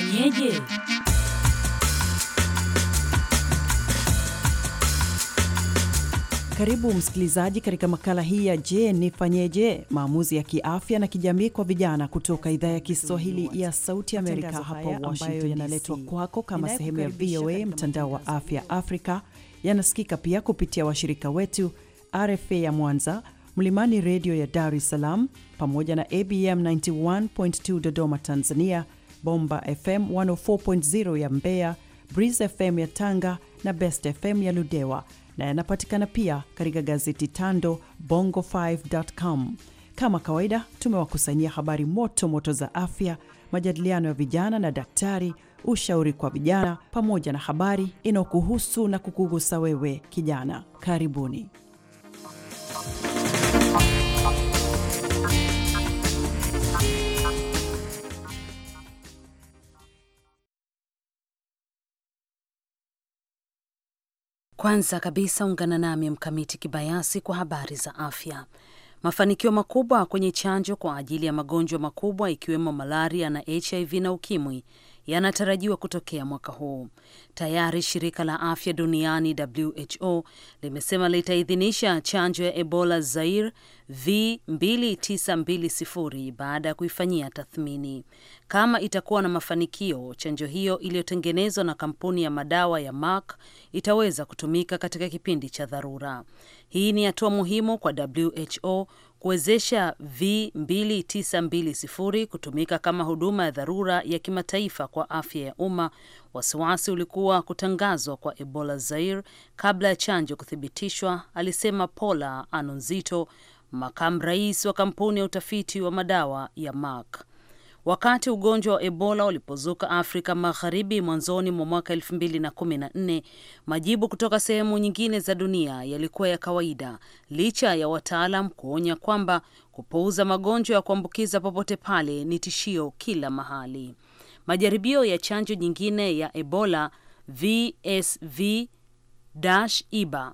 Nifanyeje? Karibu msikilizaji katika makala hii ya Je, Nifanyeje, maamuzi ya kiafya na kijamii kwa vijana kutoka idhaa ya Kiswahili ya Sauti Amerika hapa Washington, yanaletwa kwako kama sehemu ya VOA mtandao wa afya Afrika. Yanasikika pia kupitia washirika wetu RFA ya Mwanza, Mlimani Redio ya Dar es Salaam, pamoja na ABM 91.2 Dodoma, Tanzania, Bomba FM 104.0 ya Mbeya, Breeze FM ya Tanga na Best FM ya Ludewa, na yanapatikana pia katika gazeti Tando Bongo5.com. Kama kawaida, tumewakusanyia habari moto moto za afya, majadiliano ya vijana na daktari, ushauri kwa vijana, pamoja na habari inayokuhusu na kukugusa wewe kijana. Karibuni. Kwanza kabisa ungana nami Mkamiti Kibayasi kwa habari za afya. Mafanikio makubwa kwenye chanjo kwa ajili ya magonjwa makubwa ikiwemo malaria na HIV na ukimwi yanatarajiwa kutokea mwaka huu. Tayari shirika la afya duniani WHO limesema litaidhinisha chanjo ya Ebola Zaire V2920 baada ya kuifanyia tathmini. Kama itakuwa na mafanikio, chanjo hiyo iliyotengenezwa na kampuni ya madawa ya Merck itaweza kutumika katika kipindi cha dharura. Hii ni hatua muhimu kwa WHO kuwezesha V2920 kutumika kama huduma ya dharura ya kimataifa kwa afya ya umma. Wasiwasi ulikuwa kutangazwa kwa Ebola Zaire kabla ya chanjo kuthibitishwa, alisema Paula Anonzito, makamu rais wa kampuni ya utafiti wa madawa ya Merck. Wakati ugonjwa wa Ebola ulipozuka Afrika Magharibi mwanzoni mwa mwaka 214 majibu kutoka sehemu nyingine za dunia yalikuwa ya kawaida licha ya wataalam kuonya kwamba kupuuza magonjwa ya kuambukiza popote pale ni tishio kila mahali. Majaribio ya chanjo nyingine ya Ebola VSV-IBA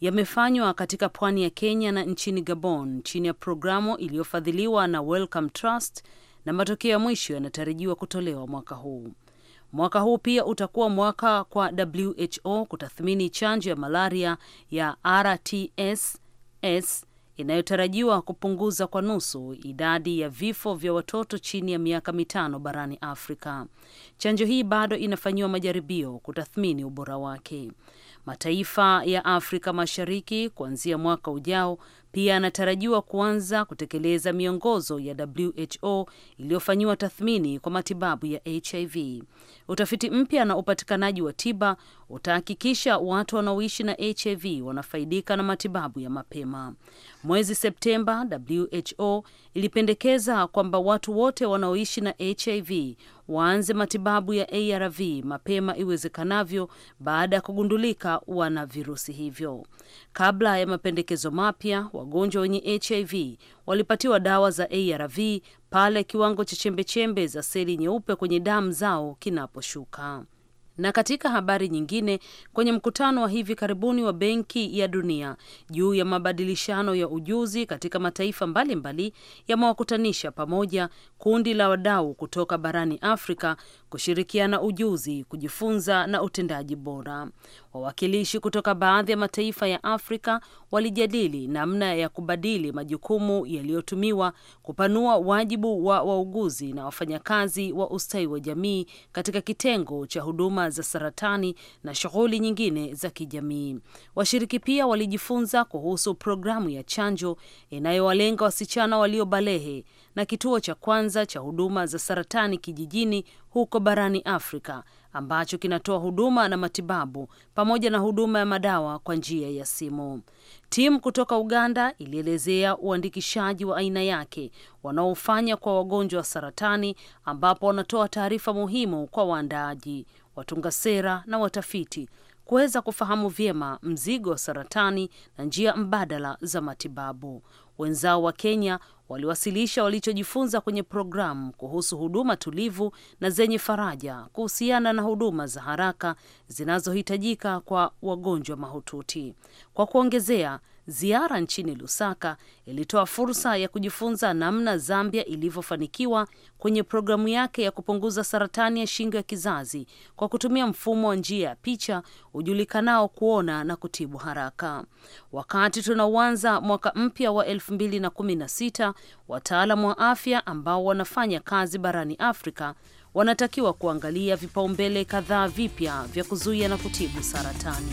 yamefanywa katika pwani ya Kenya na nchini Gabon chini ya programu iliyofadhiliwa na Wellcome Trust na matokeo ya mwisho yanatarajiwa kutolewa mwaka huu. Mwaka huu pia utakuwa mwaka kwa WHO kutathmini chanjo ya malaria ya RTSS inayotarajiwa kupunguza kwa nusu idadi ya vifo vya watoto chini ya miaka mitano barani Afrika. Chanjo hii bado inafanyiwa majaribio kutathmini ubora wake. Mataifa ya Afrika Mashariki kuanzia mwaka ujao pia anatarajiwa kuanza kutekeleza miongozo ya WHO iliyofanyiwa tathmini kwa matibabu ya HIV. Utafiti mpya na upatikanaji wa tiba utahakikisha watu wanaoishi na HIV wanafaidika na matibabu ya mapema. Mwezi Septemba, WHO ilipendekeza kwamba watu wote wanaoishi na HIV waanze matibabu ya ARV mapema iwezekanavyo baada ya kugundulika wana virusi hivyo. Kabla ya mapendekezo mapya wagonjwa wenye HIV walipatiwa dawa za ARV pale kiwango cha chembechembe za seli nyeupe kwenye damu zao kinaposhuka. Na katika habari nyingine, kwenye mkutano wa hivi karibuni wa Benki ya Dunia juu ya mabadilishano ya ujuzi katika mataifa mbalimbali yamewakutanisha pamoja kundi la wadau kutoka barani Afrika kushirikiana ujuzi, kujifunza na utendaji bora. Wawakilishi kutoka baadhi ya mataifa ya Afrika walijadili namna ya kubadili majukumu yaliyotumiwa kupanua wajibu wa wauguzi na wafanyakazi wa ustawi wa jamii katika kitengo cha huduma za saratani na shughuli nyingine za kijamii. Washiriki pia walijifunza kuhusu programu ya chanjo inayowalenga wasichana waliobalehe na kituo cha kwanza cha huduma za saratani kijijini huko barani Afrika ambacho kinatoa huduma na matibabu pamoja na huduma ya madawa kwa njia ya simu. Timu kutoka Uganda ilielezea uandikishaji wa aina yake wanaofanya kwa wagonjwa wa saratani, ambapo wanatoa taarifa muhimu kwa waandaaji, watunga sera na watafiti kuweza kufahamu vyema mzigo wa saratani na njia mbadala za matibabu. Wenzao wa Kenya waliwasilisha walichojifunza kwenye programu kuhusu huduma tulivu na zenye faraja kuhusiana na huduma za haraka zinazohitajika kwa wagonjwa mahututi. Kwa kuongezea, Ziara nchini Lusaka ilitoa fursa ya kujifunza namna Zambia ilivyofanikiwa kwenye programu yake ya kupunguza saratani ya shingo ya kizazi kwa kutumia mfumo wa njia ya picha ujulikanao kuona na kutibu haraka. Wakati tunauanza mwaka mpya wa 216 wataalam wa afya ambao wanafanya kazi barani Afrika wanatakiwa kuangalia vipaumbele kadhaa vipya vya kuzuia na kutibu saratani.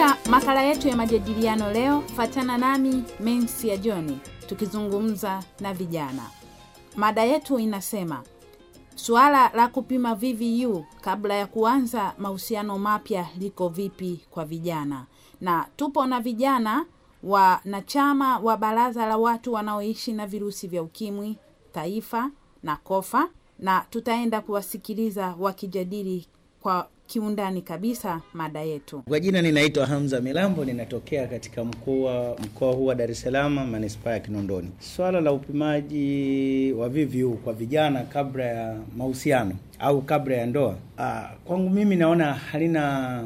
Katika makala yetu ya majadiliano leo, fatana nami Mensi ya Joni tukizungumza na vijana. Mada yetu inasema suala la kupima VVU kabla ya kuanza mahusiano mapya liko vipi kwa vijana, na tupo na vijana wanachama wa baraza la watu wanaoishi na virusi vya ukimwi taifa na kofa, na tutaenda kuwasikiliza wakijadili kwa kiundani kabisa mada yetu. Kwa jina ninaitwa Hamza Milambo, ninatokea katika mkoa mkoa huu wa Dar es Salaam, manispaa ya Kinondoni. Swala la upimaji wa VVU kwa vijana kabla ya mahusiano au kabla ya ndoa, ah, kwangu mimi naona halina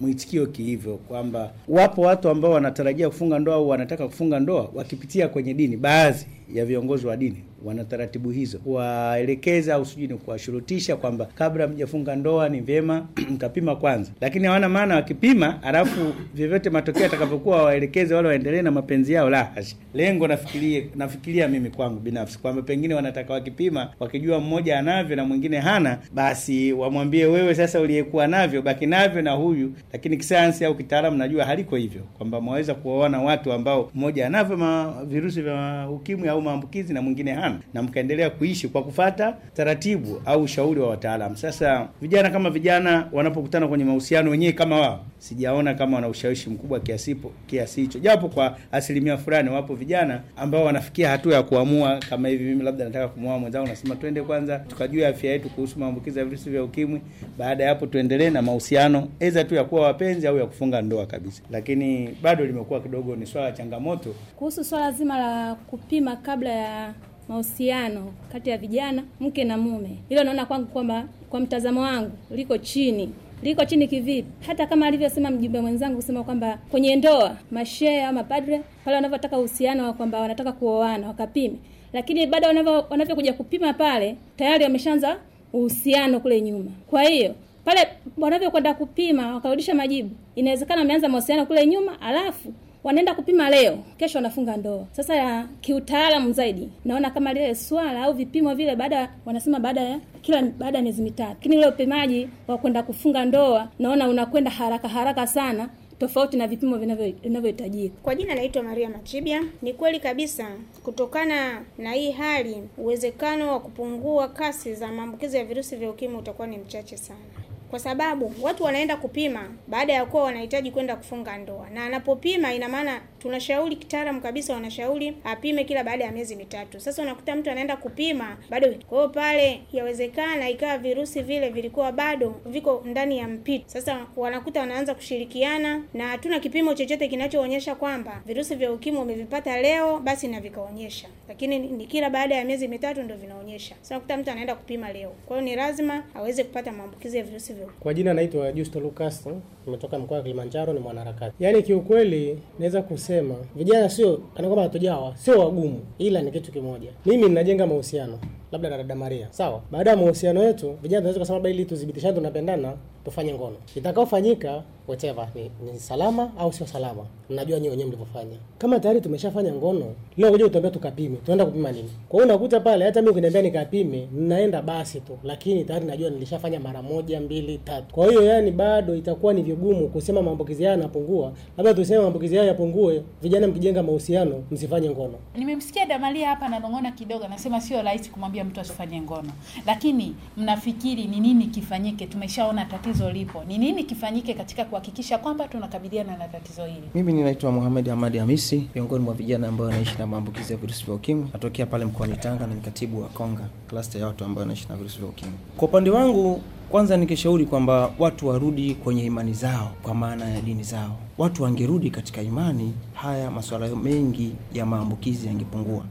mwitikio kihivyo, kwamba wapo watu ambao wanatarajia kufunga ndoa au wanataka kufunga ndoa wakipitia kwenye dini, baadhi ya viongozi wa dini wana taratibu hizo, kuwaelekeza au sijui ni kuwashurutisha kwamba kabla mjafunga ndoa ni vyema mkapima kwanza, lakini hawana maana wakipima alafu vyovyote matokeo atakapokuwa waelekeze wale waendelee na mapenzi yao, la hasha. Lengo nafikirie, nafikiria mimi kwangu binafsi kwamba pengine wanataka wakipima, wakijua mmoja anavyo na mwingine hana, basi wamwambie wewe sasa uliyekuwa navyo baki navyo na huyu, lakini kisayansi au kitaalamu najua haliko hivyo, kwamba mwaweza kuwaona watu ambao mmoja anavyo virusi vya ukimwi au maambukizi na mwingine hana wataalamu na mkaendelea kuishi kwa kufata taratibu au ushauri wa wataalamu. Sasa vijana kama vijana wanapokutana kwenye mahusiano wenyewe kama wao, sijaona kama wana ushawishi mkubwa kiasipo kiasi hicho, japo kwa asilimia fulani wapo vijana ambao wanafikia hatua ya kuamua kama hivi, mimi labda nataka kumwoa mwenzangu, nasema twende kwanza tukajue afya yetu kuhusu maambukizi ya virusi vya ukimwi. Baada ya hapo, tuendelee na mahusiano eza tu ya kuwa wapenzi au ya kufunga ndoa kabisa, lakini bado limekuwa kidogo ni swala la changamoto kuhusu swala zima la kupima kabla ya mahusiano kati ya vijana mke na mume. Hilo naona kwangu kwamba kwa mtazamo wangu liko chini liko chini kivipi? Hata kama alivyosema mjumbe mwenzangu kusema kwamba kwenye ndoa mashehe au mapadre pale wanavyotaka uhusiano wa kwamba wanataka kuoana wakapime, lakini baada wanavyokuja kupima pale tayari wameshaanza uhusiano kule nyuma. Kwa hiyo pale wanavyokwenda kupima wakarudisha majibu, inawezekana wameanza mahusiano kule nyuma alafu wanaenda kupima leo, kesho wanafunga ndoa. Sasa ya kiutaalamu zaidi, naona kama lile swala au vipimo vile, baada wanasema baada ya kila baada ya miezi mitatu, lakini ule upimaji wa kwenda kufunga ndoa naona unakwenda haraka haraka sana tofauti na vipimo vinavyohitajika. Kwa jina naitwa Maria Machibia. Ni kweli kabisa, kutokana na hii hali, uwezekano wa kupungua kasi za maambukizi ya virusi vya ukimwi utakuwa ni mchache sana kwa sababu watu wanaenda kupima baada ya kuwa wanahitaji kwenda kufunga ndoa, na anapopima ina maana tunashauri kitaalamu kabisa, wanashauri apime kila baada ya miezi mitatu. Sasa unakuta mtu anaenda kupima bado kwao pale, yawezekana ikawa virusi vile vilikuwa bado viko ndani ya mpito. Sasa wanakuta wanaanza kushirikiana, na hatuna kipimo chochote kinachoonyesha kwamba virusi vya ukimwi umevipata leo basi na vikaonyesha, lakini ni kila baada ya miezi mitatu ndio vinaonyesha. Sasa unakuta mtu anaenda kupima leo, kwa hiyo ni lazima aweze kupata maambukizi ya virusi vya ukimwi. Kwa jina naitwa Justo Lucas, nimetoka mkoa wa Kilimanjaro, ni mwanaharakati. Yaani kiukweli naweza kusema alichosema vijana sio kana kwamba hatujawa sio wagumu, ila ni kitu kimoja. Mimi ninajenga mahusiano labda na dada Maria, sawa. Baada ya mahusiano yetu vijana tunaweza kusema labda ili tudhibitishane tunapendana, tufanye ngono itakaofanyika whatever ni, ni salama au sio salama, mnajua nyinyi wenyewe mlivyofanya. Kama tayari tumeshafanya ngono, leo kuja utambia tukapime, tunaenda kupima nini? Kwa hiyo unakuta pale, hata mimi ukiniambia nikapime, ninaenda basi tu, lakini tayari najua nilishafanya mara moja, mbili, tatu. Kwa hiyo yani bado itakuwa ni vigumu kusema maambukizi haya yanapungua, labda tuseme maambukizi haya yapungue. Vijana mkijenga mahusiano, msifanye ngono. Nimemsikia Damalia hapa ananong'ona kidogo, anasema sio rahisi kumwambia mtu asifanye ngono, lakini mnafikiri ni nini kifanyike? Tumeshaona tatizo tatizo lipo, ni nini kifanyike katika kuhakikisha kwamba tunakabiliana na tatizo hili? Mimi ninaitwa muhamed Ahmad Hamisi, miongoni mwa vijana ambao wanaishi na maambukizi ya virusi vya ukimwi, natokea pale mkoani Tanga na ni katibu wa Konga, cluster ya watu ambao wanaishi na virusi vya ukimwi. Kwa upande wangu kwanza nikishauri kwamba watu warudi kwenye imani zao, kwa maana ya dini zao. Watu wangerudi katika imani, haya masuala mengi ya maambukizi yangepungua.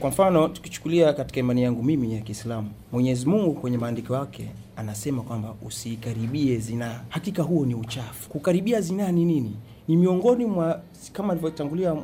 Kwa mfano tukichukulia katika imani yangu mimi ya Kiislamu, Mwenyezi Mungu kwenye maandiko yake anasema kwamba usiikaribie zinaa, hakika huo ni uchafu. Kukaribia zinaa ni nini? Ni miongoni mwa kama alivyotangulia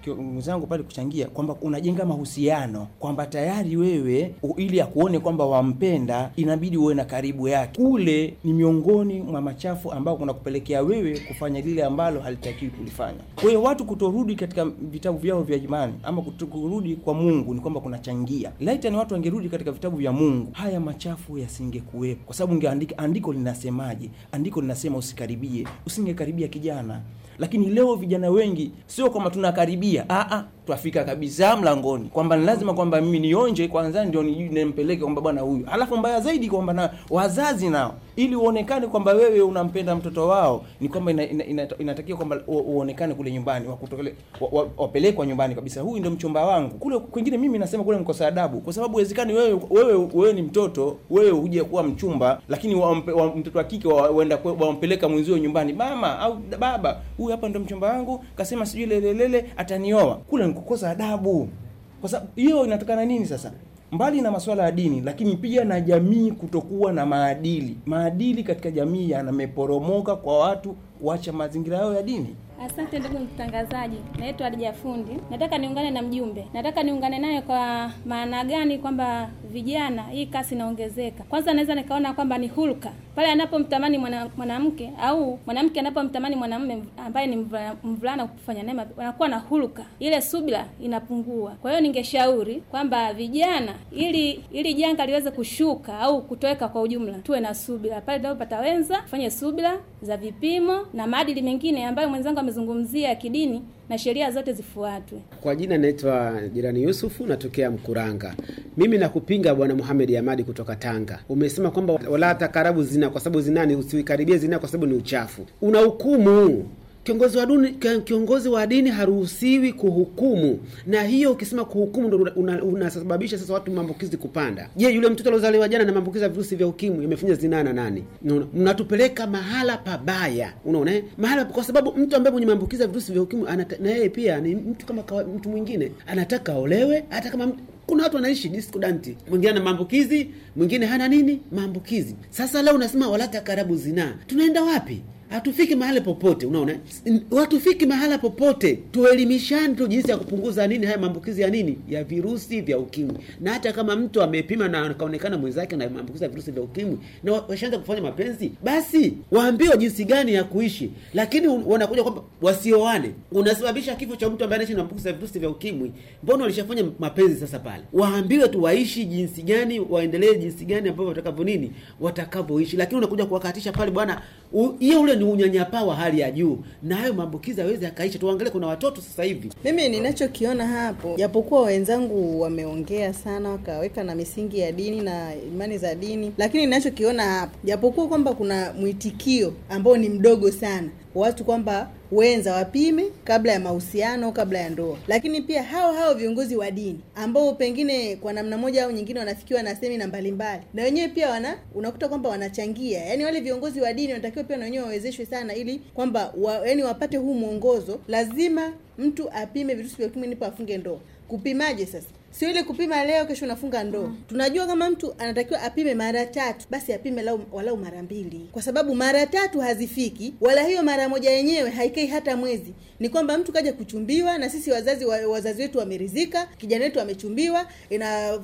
kiongozi pale kuchangia kwamba unajenga mahusiano kwamba tayari wewe ili akuone kwamba wampenda, inabidi uwe na karibu yake. Kule ni miongoni mwa machafu ambao kunakupelekea wewe kufanya lile ambalo halitakiwi kulifanya. Kwa hiyo watu kutorudi katika vitabu vyao vya imani ama kutorudi kwa Mungu ni kwamba kunachangia. Laiti ni watu wangerudi katika vitabu vya Mungu, haya machafu yasingekuwepo, kwa sababu ungeandika andiko linasemaje? Andiko linasema usikaribie, usingekaribia kijana lakini leo vijana wengi sio kwamba tunakaribia, a ah, ah twafika kabisa mlangoni, kwamba ni lazima kwamba mimi nionje kwanza ndio nimpeleke kwamba bwana huyu. Alafu mbaya zaidi kwamba na wazazi nao, ili uonekane kwamba wewe unampenda mtoto wao, ni kwamba ina, ina, ina, inatakiwa kwamba uonekane kule nyumbani, wakutokele wapelekwa nyumbani kabisa, huyu ndio mchumba wangu. Kule kwingine mimi nasema kule mkosa adabu, kwa sababu wezekani wewe, wewe wewe ni mtoto, wewe huja kuwa mchumba, lakini wa, wa, mtoto wa kike waenda wa, wampeleka mwenzio nyumbani, mama au baba, huyu hapa ndio mchumba wangu, kasema sijui lelelele atanioa kule kukosa adabu. Kwa sababu hiyo inatokana nini sasa? Mbali na masuala ya dini, lakini pia na jamii kutokuwa na maadili. Maadili katika jamii yanameporomoka kwa watu kuacha mazingira yao ya dini. Asante ndugu mtangazaji, naitwa Adija Fundi. Nataka niungane na mjumbe, nataka niungane naye kwa maana gani? Kwamba vijana, hii kasi inaongezeka. Kwanza naweza nikaona kwamba ni hulka pale anapomtamani mwanamke au mwanamke anapomtamani mwanamume ambaye ni mvulana kufanya naye, wanakuwa na hulka, ile subira inapungua. Kwa hiyo ningeshauri kwamba vijana, ili ili janga liweze kushuka au kutoweka kwa ujumla, tuwe na subira pale tunapopata wenza, tufanye subira za vipimo na maadili mengine ambayo mwenzangu amezungumzia kidini na sheria zote zifuatwe. Kwa jina naitwa Jirani Yusufu, natokea Mkuranga. Mimi nakupinga Bwana muhamedi amadi kutoka Tanga. Umesema kwamba wala takarabu zina, kwa sababu zinani usiikaribie zina, kwa sababu ni uchafu. Una hukumu Kiongozi wa dini, kiongozi wa dini haruhusiwi kuhukumu, na hiyo ukisema kuhukumu ndo unasababisha una una sasa watu maambukizi kupanda. Je, yule mtoto aliozaliwa jana na maambukizi ya virusi vya ukimwi imefanya zinaa na nani? Mnatupeleka mahala pabaya, unaona eh, mahala, kwa sababu mtu ambaye mwenye maambukizi ya virusi vya ukimwi na yeye pia ni mtu kama kawa, mtu mwingine anataka olewe hata kama mtu kuna watu wanaishi diskudanti, mwingine ana maambukizi, mwingine hana nini maambukizi. Sasa leo unasema walata karabu zinaa, tunaenda wapi? hatufiki mahala popote. Unaona, watufiki mahala popote. Tuelimishane tu jinsi ya kupunguza nini haya maambukizi ya nini ya virusi vya ukimwi. Na hata kama mtu amepima na akaonekana mwenzake na maambukizi ya virusi vya ukimwi na washaanza kufanya mapenzi, basi waambiwe jinsi gani ya kuishi, lakini wanakuja kwamba wasioane. Unasababisha kifo cha mtu ambaye anaishi na maambukizi ya virusi vya ukimwi, mbona walishafanya mapenzi sasa pale? Waambiwe tu waishi jinsi gani, waendelee jinsi gani ambavyo watakavyo nini watakavyoishi, lakini unakuja kuwakatisha pale, bwana hiyo ule ni unyanyapaa wa hali ya juu, na hayo maambukizi aweze yakaisha. Tuangalie, kuna watoto sasa hivi. Mimi ninachokiona hapo, japokuwa wenzangu wameongea sana, wakaweka na misingi ya dini na imani za dini, lakini ninachokiona hapo, japokuwa kwamba kuna mwitikio ambao ni mdogo sana, watu kwamba wenza wapime kabla ya mahusiano, kabla ya ndoa. Lakini pia hao hao viongozi wa dini ambao pengine kwa namna moja au nyingine wanafikiwa na semina mbalimbali, na wenyewe pia wana unakuta kwamba wanachangia. Yani wale viongozi wa dini wanatakiwa pia na wenyewe wawezeshwe sana, ili kwamba wa, yani wapate huu mwongozo, lazima mtu apime virusi vya ukimwi ndipo afunge ndoa. Kupimaje sasa? Sio ile kupima leo kesho unafunga ndoo. Mm. Tunajua kama mtu anatakiwa apime mara tatu, basi apime lau, walau mara mbili, kwa sababu mara tatu hazifiki, wala hiyo mara moja yenyewe haikai hata mwezi. Ni kwamba mtu kaja kuchumbiwa, na sisi wazazi wazazi wetu wamerizika kijana wetu amechumbiwa, ina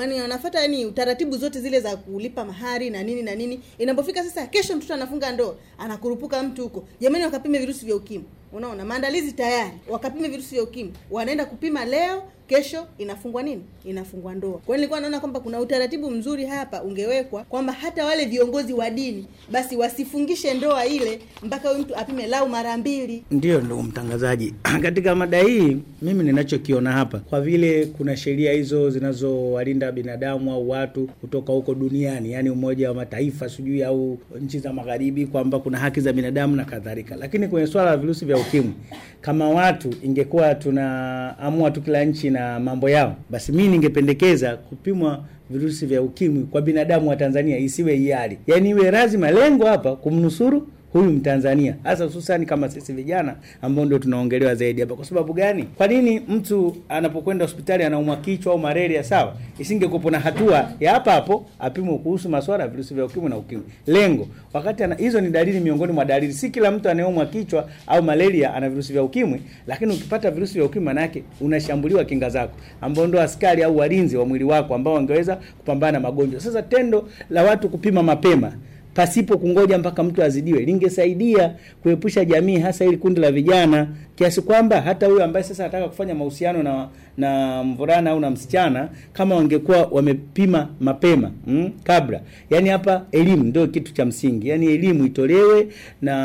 yani anafuata yani utaratibu zote zile za kulipa mahari na nini na nini. Inapofika sasa, kesho mtoto anafunga ndoo, anakurupuka mtu huko, jamani, wakapime virusi vya ukimwi Unaona, maandalizi tayari, wakapima virusi vya ukimwi, wanaenda kupima leo, kesho inafungwa nini, inafungwa ndoa. Kwa hiyo nilikuwa naona kwamba kuna utaratibu mzuri hapa ungewekwa kwamba hata wale viongozi wa dini basi wasifungishe ndoa ile mpaka huyu mtu apime lau mara mbili. Ndiyo, ndugu mtangazaji, katika mada hii mimi ninachokiona hapa, kwa vile kuna sheria hizo zinazowalinda binadamu au watu kutoka huko duniani, yani Umoja wa Mataifa sijui au nchi za magharibi, kwamba kuna haki za binadamu na kadhalika, lakini kwenye swala la virusi vya ukimwi, kama watu ingekuwa tunaamua tu kila nchi na mambo yao, basi mi ningependekeza kupimwa virusi vya ukimwi kwa binadamu wa Tanzania isiwe hiari, yaani iwe lazima, lengo hapa kumnusuru huyu Mtanzania, hasa hususani kama sisi vijana ambao ndio tunaongelewa zaidi hapa. Kwa sababu gani? Kwa nini mtu anapokwenda hospitali anaumwa kichwa au malaria, sawa, isingekuwepo na hatua ya hapa hapo apimwe kuhusu maswala ya virusi vya ukimwi na ukimwi? Lengo wakati ana, hizo ni dalili miongoni mwa dalili. Si kila mtu anayeumwa kichwa au malaria ana virusi vya ukimwi, lakini ukipata virusi vya ukimwi, manake unashambuliwa kinga zako, ambao ndio askari au walinzi wa mwili wako ambao wangeweza kupambana na magonjwa. Sasa tendo la watu kupima mapema pasipo kungoja mpaka mtu azidiwe, lingesaidia kuepusha jamii, hasa ili kundi la vijana, kiasi kwamba hata huyo ambaye sasa anataka kufanya mahusiano na na mvulana au na msichana, kama wangekuwa wamepima mapema mm, kabla. Yani hapa elimu ndio kitu cha msingi, yani elimu itolewe na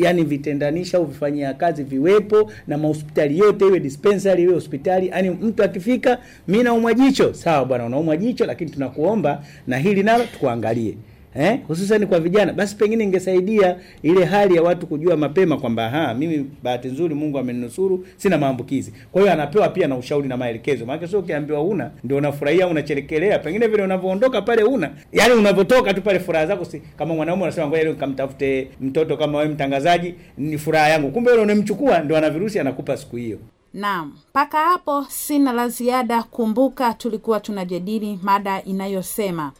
yani vitendanisha au vifanyia kazi viwepo, na mahospitali yote, iwe dispensary iwe hospitali, yani mtu akifika, mimi naumwa jicho, sawa bwana, unaumwa jicho, lakini tunakuomba na hili nalo tukuangalie eh, hususan kwa vijana, basi pengine ingesaidia ile hali ya watu kujua mapema kwamba ha, mimi bahati nzuri Mungu ameninusuru sina maambukizi. Kwa hiyo anapewa pia na ushauri na maelekezo, maana sio ukiambiwa una ndio unafurahia unacherekelea, pengine vile unavyoondoka pale una yani unavyotoka tu pale furaha zako si, kama mwanaume anasema ngoja leo nikamtafute mtoto kama wewe mtangazaji, ni furaha yangu, kumbe yule unemchukua ndio ana virusi anakupa siku hiyo. Naam, mpaka hapo sina la ziada. Kumbuka tulikuwa tunajadili mada inayosema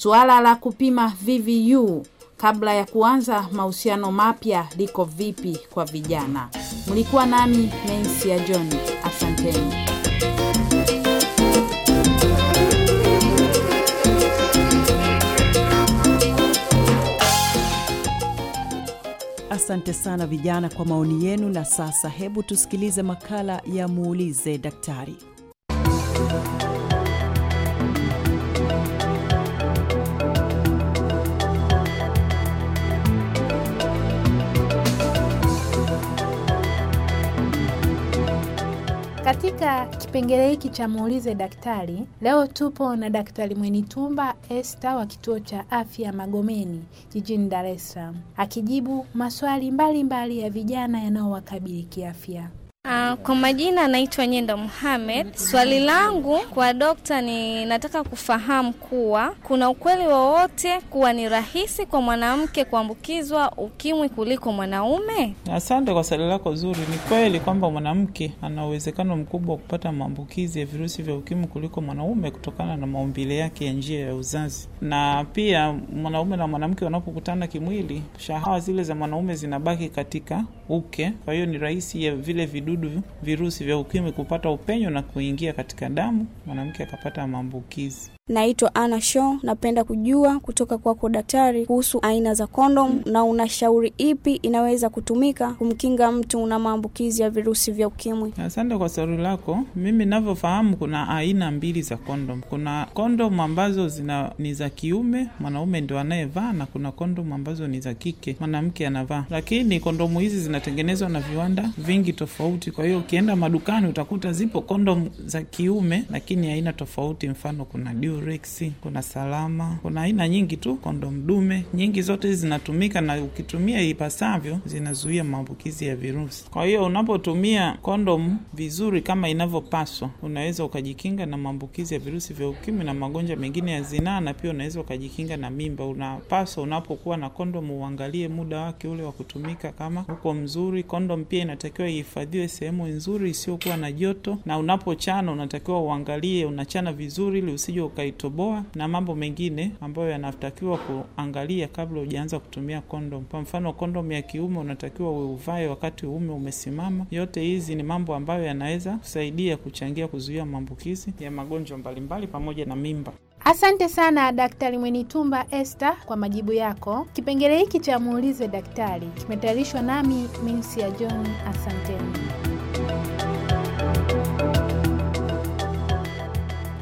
Suala la kupima VVU kabla ya kuanza mahusiano mapya liko vipi kwa vijana? Mlikuwa nami Mensi ya John, asanteni. Asante sana vijana kwa maoni yenu. Na sasa hebu tusikilize makala ya muulize daktari. Katika kipengele hiki cha muulize daktari, leo tupo na Daktari Mwenitumba Esther wa kituo cha afya Magomeni jijini Dar es Salaam, akijibu maswali mbalimbali mbali ya vijana yanayowakabili kiafya. Uh, kwa majina anaitwa Nyenda Muhammad. Swali langu kwa dokta ni nataka kufahamu kuwa kuna ukweli wowote kuwa ni rahisi kwa mwanamke kuambukizwa ukimwi kuliko mwanaume? Asante kwa swali lako zuri. Ni kweli kwamba mwanamke ana uwezekano mkubwa wa kupata maambukizi ya virusi vya ukimwi kuliko mwanaume kutokana na maumbile yake ya njia ya uzazi, na pia mwanaume na mwanamke wanapokutana kimwili, shahawa zile za mwanaume zinabaki katika uke, kwa hiyo ni rahisi ya vile vidudu vijidudu virusi vya ukimwi kupata upenyo na kuingia katika damu, mwanamke akapata maambukizi. Naitwa Ana Show, napenda kujua kutoka kwako daktari kuhusu aina za kondom na unashauri ipi inaweza kutumika kumkinga mtu na maambukizi ya virusi vya ukimwi. Asante kwa swali lako. Mimi navyofahamu, kuna aina mbili za kondom. Kuna kondom ambazo zina ni za kiume, mwanaume ndio anayevaa, na kuna kondom ambazo ni za kike, mwanamke anavaa. Lakini kondomu hizi zinatengenezwa na viwanda vingi tofauti, kwa hiyo ukienda madukani utakuta zipo kondom za kiume, lakini aina tofauti. Mfano kuna diu Durex, kuna Salama, kuna aina nyingi tu, kondom dume nyingi, zote zinatumika na ukitumia ipasavyo zinazuia maambukizi ya virusi. Kwa hiyo unapotumia kondom vizuri kama inavyopaswa, unaweza ukajikinga na maambukizi ya virusi vya ukimwi na magonjwa mengine ya zinaa, na pia unaweza ukajikinga na mimba. Unapaswa unapokuwa na kondom uangalie muda wake ule wa kutumika kama uko mzuri. Kondom pia inatakiwa ihifadhiwe sehemu nzuri isiyokuwa na joto, na unapochana unatakiwa uangalie unachana vizuri ili usije uka itoboa na mambo mengine ambayo yanatakiwa kuangalia kabla hujaanza kutumia kondom. Kwa mfano, kondom ya kiume unatakiwa uvae wakati uume umesimama. Yote hizi ni mambo ambayo yanaweza kusaidia kuchangia kuzuia maambukizi ya magonjwa mbalimbali pamoja na mimba. Asante sana Daktari Mwenitumba Esther kwa majibu yako. Kipengele hiki cha muulize daktari kimetayarishwa nami Minsia John. Asanteni.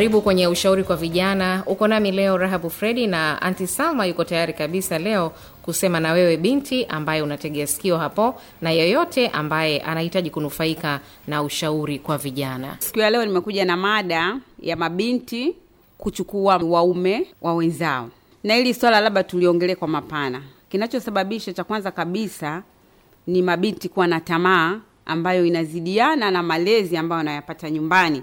Karibu kwenye ushauri kwa vijana. Uko nami leo Rahabu Fredi na Anti Salma yuko tayari kabisa leo kusema na wewe binti ambaye unategea sikio hapo, na yeyote ambaye anahitaji kunufaika na ushauri kwa vijana. Siku ya leo nimekuja na mada ya mabinti kuchukua waume wa wenzao, na hili swala labda tuliongelee kwa mapana. Kinachosababisha cha kwanza kabisa ni mabinti kuwa na tamaa ambayo inazidiana na malezi ambayo anayapata nyumbani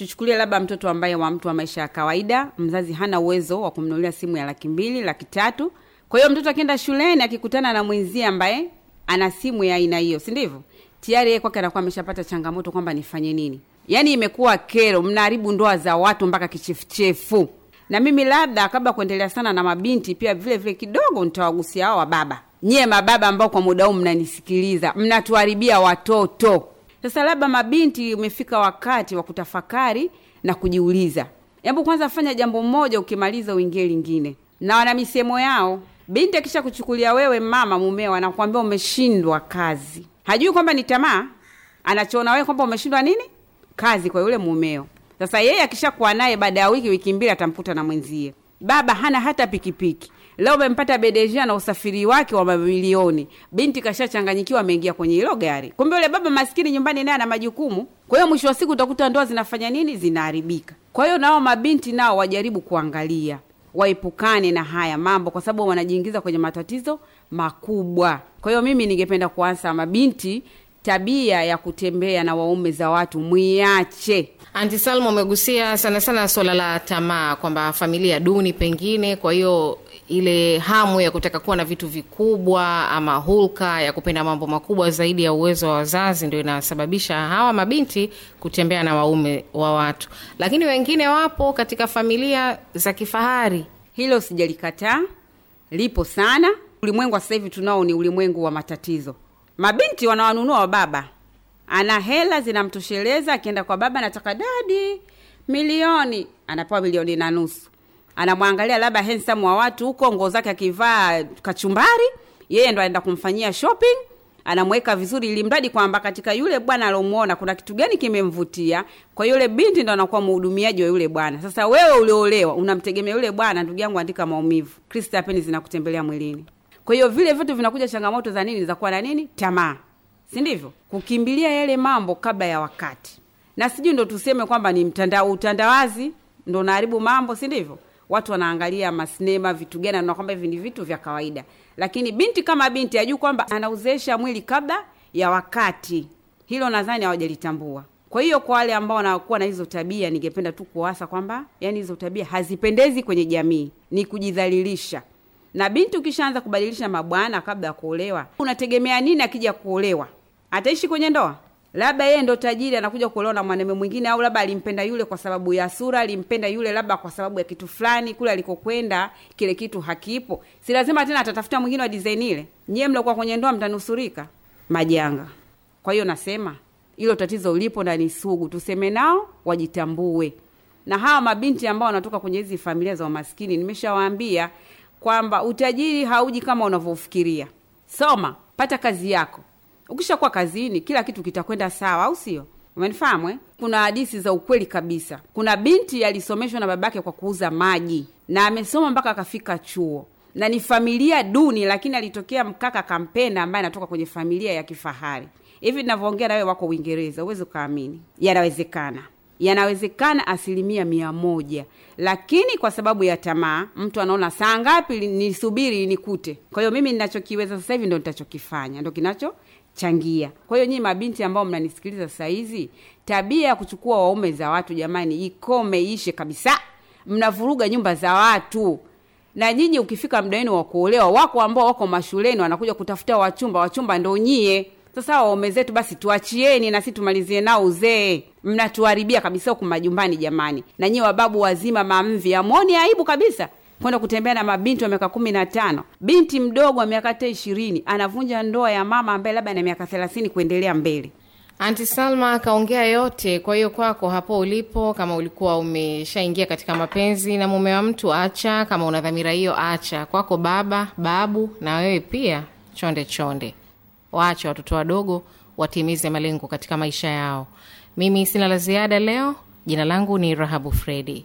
Tuchukulie labda mtoto ambaye wa mtu wa maisha ya kawaida, mzazi hana uwezo wa kumnunulia simu ya laki mbili, laki tatu. Kwa hiyo mtoto akienda shuleni akikutana na mwenzie ambaye ana simu ya aina hiyo, sindivyo ndivyo? Tayari yeye kwake anakuwa ameshapata changamoto kwamba nifanye nini. Yaani imekuwa kero, mnaharibu ndoa za watu mpaka kichefuchefu. Na mimi labda kabla kuendelea sana na mabinti, pia vile vile kidogo nitawagusia hao wababa baba. Nyie mababa ambao kwa muda huu mnanisikiliza, mnatuharibia watoto. Sasa labda mabinti, umefika wakati wa kutafakari na kujiuliza. Hebu kwanza fanya jambo mmoja ukimaliza uingie lingine, na wana misemo yao. Binti akisha kuchukulia wewe mama mumewa anakuambia umeshindwa kazi, hajui kwamba ni tamaa, anachoona wewe kwamba umeshindwa nini kazi kwa yule mumeo. Sasa yeye akishakuwa naye, baada ya wiki wiki mbili, atamkuta na mwenzie, baba hana hata pikipiki Leo umempata Bedeja na usafiri wake wa mamilioni binti kashachanganyikiwa, ameingia kwenye hilo gari. Kumbe yule baba maskini nyumbani naye ana majukumu. Kwa hiyo mwisho wa siku utakuta ndoa zinafanya nini? Zinaharibika. Kwa hiyo nao mabinti nao wajaribu kuangalia, waepukane na haya mambo, kwa sababu wanajiingiza kwenye matatizo makubwa. Kwa hiyo mimi ningependa kuansa mabinti tabia ya kutembea na waume za watu mwiache. Anti Salma, umegusia sana sana swala la tamaa, kwamba familia duni pengine, kwa hiyo ile hamu ya kutaka kuwa na vitu vikubwa ama hulka ya kupenda mambo makubwa zaidi ya uwezo wa wazazi ndio inasababisha hawa mabinti kutembea na waume wa watu, lakini wengine wapo katika familia za kifahari. Hilo sijalikataa, lipo sana. Ulimwengu wa sasahivi hivi tunao ni ulimwengu wa matatizo. Mabinti wanawanunua wa baba, ana hela zinamtosheleza, akienda kwa baba, anataka dadi milioni, anapewa milioni na nusu anamwangalia labda handsome wa watu huko, nguo zake akivaa kachumbari, yeye ndo aenda kumfanyia shopping anamweka vizuri, ili mradi kwamba katika yule bwana aliomuona kuna kitu gani kimemvutia. Kwa yule binti ndo anakuwa mhudumiaji wa yule bwana. Sasa wewe ulioolewa unamtegemea yule bwana, ndugu yangu, andika maumivu, Kristo apeni zinakutembelea mwilini. Kwa hiyo vile vitu vinakuja changamoto za nini, za kuwa na nini, tamaa, si ndivyo? Kukimbilia yale mambo kabla ya wakati, na sijui ndo tuseme kwamba ni mtandao, utandawazi ndo naharibu mambo, si ndivyo? watu wanaangalia masinema vitu gani, anaona kwamba hivi ni vitu vya kawaida, lakini binti kama binti ajui kwamba anauzesha mwili kabla ya wakati, hilo nadhani hawajalitambua. Kwa hiyo kwa wale ambao wanakuwa na hizo tabia, ningependa tu kuwasa kwamba yani hizo tabia hazipendezi kwenye jamii, ni kujidhalilisha. Na binti ukishaanza kubadilisha mabwana kabla ya kuolewa, unategemea nini akija kuolewa? Ataishi kwenye ndoa? labda yeye ndo tajiri anakuja kuolewa na mwanaume mwingine, au labda alimpenda yule kwa sababu ya sura, alimpenda yule labda kwa sababu ya kitu fulani, kule alikokwenda kile kitu hakipo, si lazima tena atatafuta mwingine wa design ile. Nyie mlokuwa kwenye ndoa mtanusurika majanga. Kwa hiyo nasema hilo tatizo ulipo na ni sugu, tuseme nao wajitambue. Na hawa mabinti ambao wanatoka kwenye hizi familia za umaskini, nimeshawaambia kwamba utajiri hauji kama unavyofikiria. Soma, pata kazi yako Ukishakuwa kazini, kila kitu kitakwenda sawa, au sio? Umenifahamu eh? Kuna hadisi za ukweli kabisa. Kuna binti alisomeshwa na babake kwa kuuza maji na amesoma mpaka akafika chuo na ni familia duni, lakini alitokea mkaka kampenda ambaye anatoka kwenye familia ya kifahari. Hivi ninavyoongea nawe wako Uingereza, uwezi ukaamini. Yanawezekana, yanawezekana asilimia mia moja, lakini kwa sababu ya tamaa mtu anaona saa ngapi nisubiri nikute. Kwa hiyo mimi ninachokiweza sasa hivi ndo nitachokifanya, ndo kinacho changia. Kwa hiyo nyinyi mabinti ambao mnanisikiliza sasa hizi, tabia ya kuchukua waume za watu jamani, ikome ishe kabisa. Mnavuruga nyumba za watu. Na nyinyi ukifika muda wenu wa kuolewa, wako ambao wako mashuleni wanakuja kutafuta wachumba, wachumba ndio nyie. Sasa waume zetu basi tuachieni na sisi tumalizie nao uzee. Mnatuharibia kabisa huku majumbani jamani. Na nyinyi wababu wazima mamvi, amoni aibu kabisa kwenda kutembea na mabinti wa miaka kumi na tano. Binti mdogo wa miaka hata ishirini anavunja ndoa ya mama ambaye labda na miaka thelathini kuendelea mbele. Anti Salma akaongea yote. Kwa hiyo kwako hapo ulipo, kama ulikuwa umeshaingia katika mapenzi na mume wa mtu, acha. Kama una dhamira hiyo, acha. Kwako baba, babu, na wewe pia, chonde chonde, waache watoto wadogo watimize malengo katika maisha yao. Mimi sina la ziada leo. Jina langu ni Rahabu Fredi.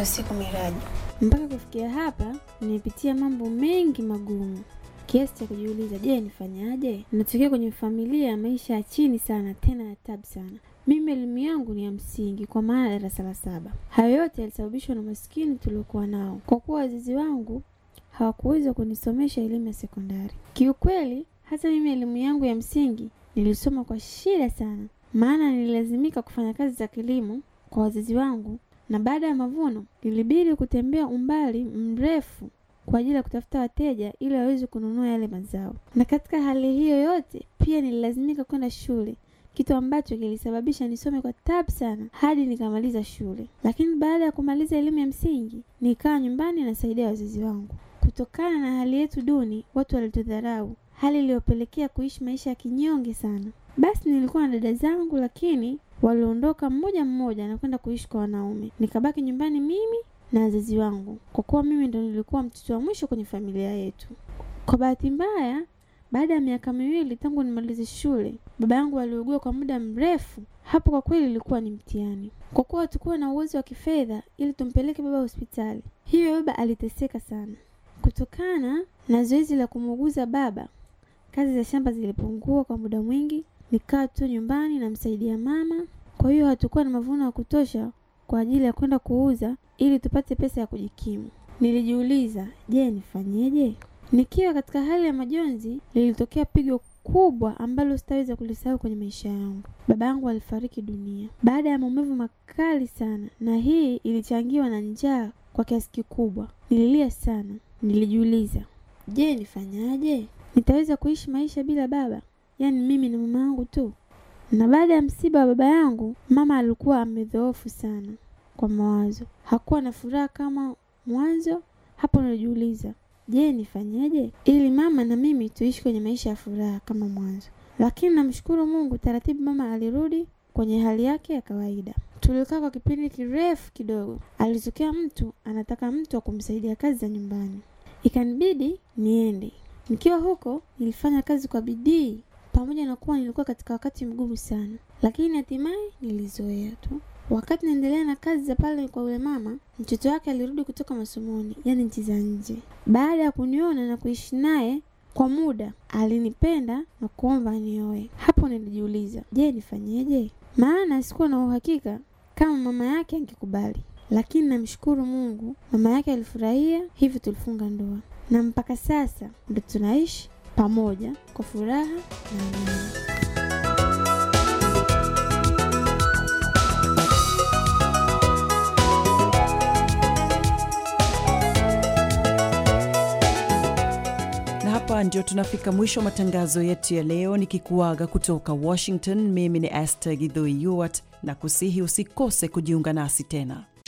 cha siku Miraji. Mpaka kufikia hapa, nimepitia mambo mengi magumu kiasi cha kujiuliza, je, nifanyaje? Natokea kwenye familia ya maisha ya chini sana, tena ya tabu sana. Mimi elimu yangu ni ya msingi, kwa maana darasa la saba. Hayo yote yalisababishwa na maskini tuliokuwa nao, kwa kuwa wazazi wangu hawakuweza kunisomesha elimu ya sekondari. Kiukweli hata mimi elimu yangu ya msingi nilisoma kwa shida sana, maana nililazimika kufanya kazi za kilimo kwa wazazi wangu na baada ya mavuno ilibidi kutembea umbali mrefu kwa ajili ya kutafuta wateja ili waweze kununua yale mazao. Na katika hali hiyo yote pia nililazimika kwenda shule, kitu ambacho kilisababisha nisome kwa tabu sana hadi nikamaliza shule. Lakini baada ya kumaliza elimu ya msingi, nikaa nyumbani nasaidia wazazi wangu. Kutokana na hali yetu duni, watu walitudharau, hali iliyopelekea kuishi maisha ya kinyonge sana. Basi nilikuwa na dada zangu, lakini waliondoka mmoja mmoja na kwenda kuishi kwa wanaume. Nikabaki nyumbani mimi na wazazi wangu, kwa kuwa mimi ndo nilikuwa mtoto wa mwisho kwenye familia yetu. Kwa bahati mbaya, baada ya miaka miwili tangu nimalize shule, baba yangu aliugua kwa muda mrefu. Hapo kwa kweli ilikuwa ni mtihani, kwa kuwa hatukuwa na uwezo wa kifedha ili tumpeleke baba hospitali. Hivyo baba aliteseka sana. Kutokana na zoezi la kumuuguza baba, kazi za shamba zilipungua kwa muda mwingi Nikaa tu nyumbani namsaidia mama, kwa hiyo hatukuwa na mavuno ya kutosha kwa ajili ya kwenda kuuza ili tupate pesa ya kujikimu. Nilijiuliza, je, nifanyeje? Nikiwa katika hali ya majonzi, lilitokea pigo kubwa ambalo sitaweza kulisahau kwenye maisha yangu. Baba yangu alifariki dunia baada ya maumivu makali sana, na hii ilichangiwa na njaa kwa kiasi kikubwa. Nililia sana. Nilijiuliza, je, nifanyaje? Nitaweza kuishi maisha bila baba? yaani mimi na mama yangu tu. Na baada ya msiba wa baba yangu, mama alikuwa amedhoofu sana kwa mawazo, hakuwa na furaha kama mwanzo. Hapo najiuliza, je, nifanyeje ili mama na mimi tuishi kwenye maisha ya furaha kama mwanzo? Lakini namshukuru Mungu, taratibu mama alirudi kwenye hali yake ya kawaida. Tulikaa kwa kipindi kirefu kidogo, alitokea mtu anataka mtu wa kumsaidia kazi za nyumbani, ikanibidi niende. Nikiwa huko nilifanya kazi kwa bidii pamoja na kuwa nilikuwa katika wakati mgumu sana, lakini hatimaye nilizoea tu. Wakati naendelea na kazi za pale kwa yule mama, mtoto wake alirudi kutoka masomoni, yani nchi za nje. Baada ya kuniona na kuishi naye kwa muda, alinipenda na kuomba nioe. Hapo nilijiuliza, je, nifanyeje? Maana sikuwa na uhakika kama mama yake angekubali, lakini namshukuru Mungu, mama yake alifurahia, hivyo tulifunga ndoa na mpaka sasa ndo tunaishi pamoja kwa furaha na amani. hapa ndio tunafika mwisho matangazo yetu ya leo, nikikuaga kutoka Washington. Mimi ni Esther Gidho yuat na kusihi usikose kujiunga nasi tena.